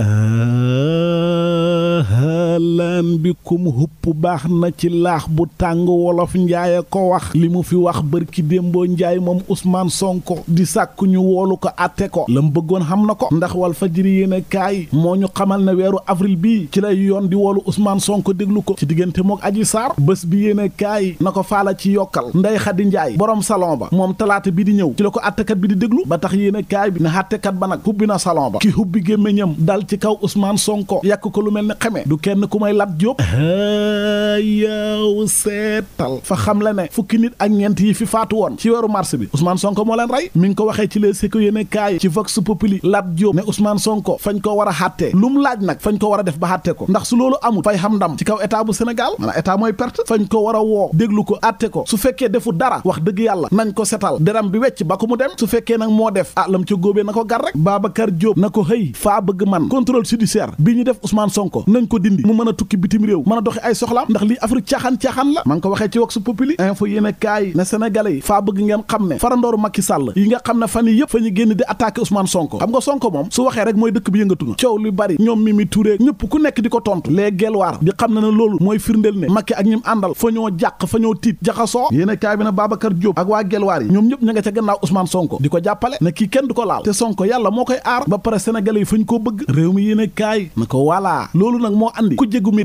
Euh, naan mbikum hupp baax na ci laax bu tàng wolof njaay ko wax li mu fi wax bërki démboo njaay moom Ousmane Sonko di sàkku ñu woolu ko àtte ko lam bëggoon xam na ko ndax wal fajiri yéene kaay moo ñu xamal ne weeru avril bi ci lay yoon di woolu Ousmane Sonko déglu ko ci diggante mook Adji Sarr bés bi yéene kaay na ko faala ci yokkal Ndeye Khady njaay boroom salon ba moom talaata bi di ñëw ci la ko àttekat bi di déglu ba tax yéene kaay bi na salon ba ki hubbi gémmiñam dal ci kaw Ousmane Sonko yàkk ko Pape Diop yaw seetal fa xam la ne fukki nit ak ñeent yi fi faatu woon ci weeru mars bi usmaan Sonko moo leen rey mi ngi ko waxee ci les sécu yéene kaay ci Vox Populi Lat Diop ne Ousmane Sonko fañ ko war a xàttee lu mu laaj nag fañ ko war a def ba xàtte ko ndax su loolu amul fay xam ndam ci kaw état bu Sénégal maanaam état mooy perte fañ ko war a woo déglu ko àtte ko su fekkee defu dara wax dëgg yàlla nañ ko setal deram bi wecc ba ko mu dem su fekkee nag moo def ah lam ca na ko gar rek Babacar Diop na ko xëy faa bëgg man contrôle judiciaire bi ñu def Ousmane Sonko bitim réew mën a doxi ay soxlaam ndax lii Afrique caaxaan-caaxaan la ma ko waxee ci wax su populi info yéen a kaay ne yi faa bëgg ngeen xam ne fan yi yëpp fa ñu génn di attaqué Ousmane Sonko xam nga Sonko moom su waxee rek mooy dëkk bi yëngatu na coow li bari ñoom Mimi Touré ñëpp ku nekk di ko tontu les gelwaar di xam ne ne loolu mooy firndeel ne Macky ak ñim àndal fa ñoo jàq fa ñoo tiit jaxasoo yéen bi na Babacar Diop ak waa gelwaar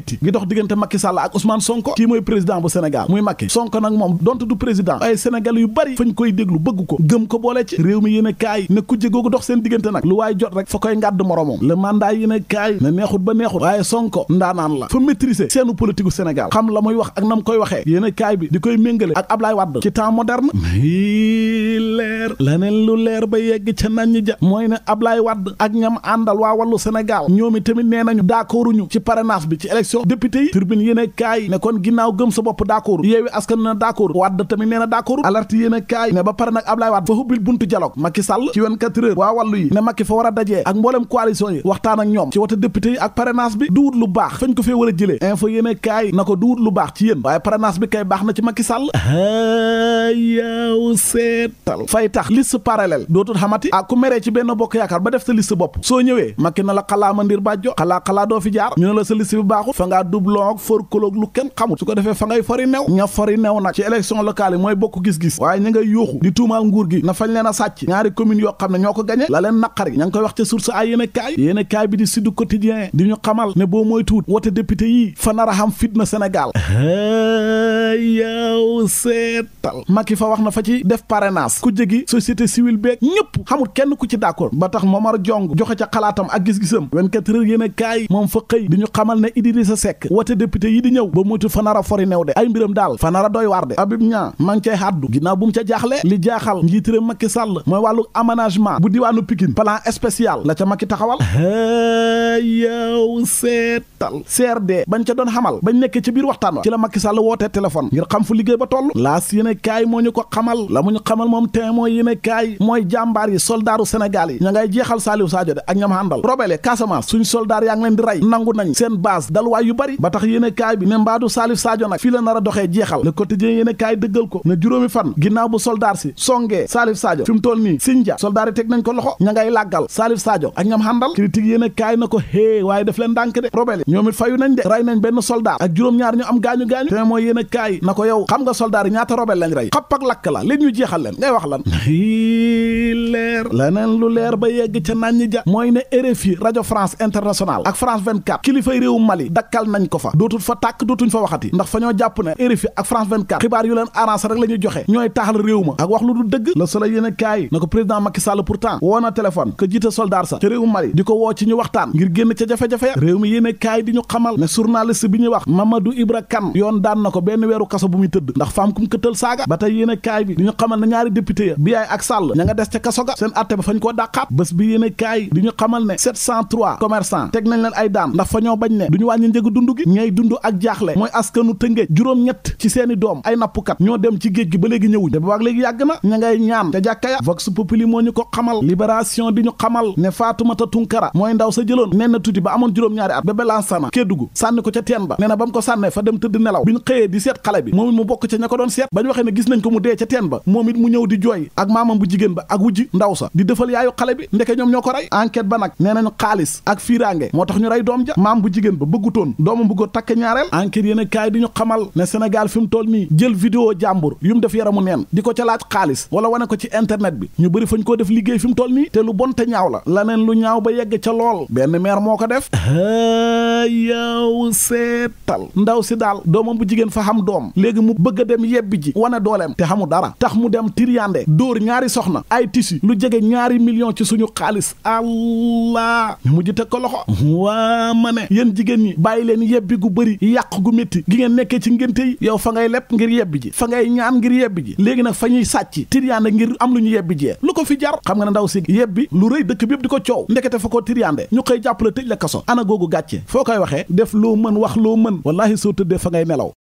métti ngi dox diggante Macky Sall ak Ousmane Sonko kii mooy président bu Sénégal muy Macky Sonko nag moom donte du président ay Sénégal yu bari fañ koy déglu bëgg ko gëm ko boole ci réew mi yéen a kaay ne kujje googu dox seen diggante nag lu waay jot rek fa koy ngàdd moromam le mandat yéen a kaay ne neexut ba neexut waaye Sonko ndaanaan la fa maîtriser seenu politique u xam la muy wax ak nam koy waxee yéen a kaay bi di koy méngale ak Ablaye Wade ci temps leer laneen lu leer ba yegg ca nañ ja mooy ne Ablaye Wade ak ñam àndal waa wàllu Sénégal ñoom itamit nee nañu d'accorduñu ci parrainage bi ci élection député yi turbine yéen kaay ne kon ginnaaw gëm sa bopp d'accord yeewi askan na d'accord Wade tamit nee na d'accord alerte yéen kaay ne ba pare nag Ablaye Wade fa hubbil buntu dialogue Macky Sall ci 24 heures waa wàllu yi ne Macky fa war a dajee ak mboolem coalition yi waxtaan ñoom ci wote député lu baax fañ ko a fay tax liste parallèle dootul xamati ak ku meree ci benn bokk yaakaar ba def sa liste bopp soo ñëwee makki na la xalaa ma ndir bàjjo xalaa xalaa doo fi jaar ñu ne la sa liste bi baaxul fa ngaa doublon ak kenn xamul su ko defee fa ngay fori new ña fori new nag ci élection locale yi mooy bokk gis-gis waaye ña ngay yuuxu di tuumaal nguur gi na fañ leen a sàcc ñaari commune yoo xam ne ñoo ko gañe la leen naqar yi koy wax ca source ay yéen kaay a kujje gi société civile beeg ñëpp kenn ku ci d'accord ba tax Momar Jong joxe ca xalaatam ak gis-gisam 24 heures yéen a kaay moom fa xëy di ñu xamal ne Idrissa Seck wote député yi di ñëw ba moytu fanara fori new de ay mbiram daal fanara doy waar de Habib Niang maa ngi cay haddu ginnaaw bu mu ca jaaxle li jaaxal njiit réew Macky Sall mooy wàllu aménagement bu diwaanu Pikine plan spécial la ca Macky taxawal yow seetal CRD bañ ca doon xamal bañ nekkee ci biir waxtaan wa ci la Macky Sall wootee téléphone ngir xam fu liggéey ba toll laas yéen a kaay moo ñu ko quotidien mooy yéene kaay mooy jàmbaar yi soldaaru Sénégal yi ña ngay jeexal Saliou Sadio de ak ñam àndal robele Casamance suñ soldaar yaa ngi leen di rey nangu nañ seen base dalwaay yu bari ba tax yéene kaay bi ne la nar a doxee jeexal le kaay dëggal ko ne juróomi fan ginnaaw bu soldaar si songee Saliou Sadio fi mu toll nii Sindia soldaar yi teg nañ ko loxo ña ngay làggal Saliou Sadio ak ñam àndal critique yéene kaay na ko hée waaye def leen lan leer leneen lu leer ba yegg ca naan ñi ja mooy ne RFI rajo France internationale ak France 24 kilifay réewu Mali dakkal nañ ko fa dootul fa tàkk dootuñ fa waxati ndax fa ñoo jàpp ne RFI ak France 24 xibaar yu leen arrangé rek la joxe ñooy taaxal réew ma ak wax lu du dëgg Le Soleil yéen a kaay na ko président Macky Sall pourtant woo na téléphone que soldaar sa ca réewu Mali di ko woo ci ñu waxtaan ngir génn ca jafe-jafe a kaay di bi ñuy wax Mamadou Ibra Kane yoon daan na ko benn weeru kaso bu muy tëdd ndax a député ya ak Sall ña nga des ca kaso ga seen atte ba fañ koo dàqaat bés bi yéen kaay di ñu xamal ne 703 commerçant teg nañ leen ay daan ndax fa ñoo bañ ne du ñu wàññi njëgu dund gi ñay dund ak jaaxle mooy askanu tëngéej juróom-ñett ci seeni doom ay nappkat ñoo dem ci géej gi ba léegi ñëwuñ te ba léegi yàgg na ña ngay ñaan te jàkka ya vox populi moo ñu ko xamal libération di ñu xamal ne Faatumata Tunkara mooy ndaw sa jëloon nee jooy ak maamam bu jigéen ba ak wujj ndaw sa di defal yaayu xale bi ndeke ñoom ñoo ko rey enquête ba nag nee nañu xaalis ak fiiraange moo tax ñu rey doom ja maam bu jigéen ba bëggutoon doomam bëgg a takk ñaareel enquête yéen a kaay di ñu xamal ne Sénégal fi mu toll nii jël vidéo jàmbur yu mu def yara mu neen di ko ca laaj xaalis wala wane ko ci internet bi ñu bëri fañ koo def liggéey fi mu toll nii te lu bon te ñaaw la laneen lu ñaaw ba yegg ca lool benn maire moo ko def yow seetal ndaw si daal doomam bu jigéen fa xam doom léegi mu bëgg dem yebbi ji wane dooleem te xamu dara tax mu dem tiriyaan àndee dóor ñaari soxna ay tisi lu jege ñaari million ci suñu xaalis allah ñu mujj teg ko loxo waa ma ne yéen jigéen ñi bàyyi leen yebbi gu bëri yàq gu métti gi ngeen nekkee ci ngénte yow fa ngay lepp ngir yebbi ji fa ngay ñaan ngir yebbi ji léegi nag fa ñuy sàcc tiryaande ngir am lu ñu yebbi jee lu ko fi jar xam nga ne ndaw si yebbi lu rëy dëkk bépp di ko coow ndekete fa ko tiryaande ñu koy jàppale tëj la kaso ana googu gàcce foo koy waxee def loo mën wax loo mën wallaahi soo tëddee fa ngay nelaw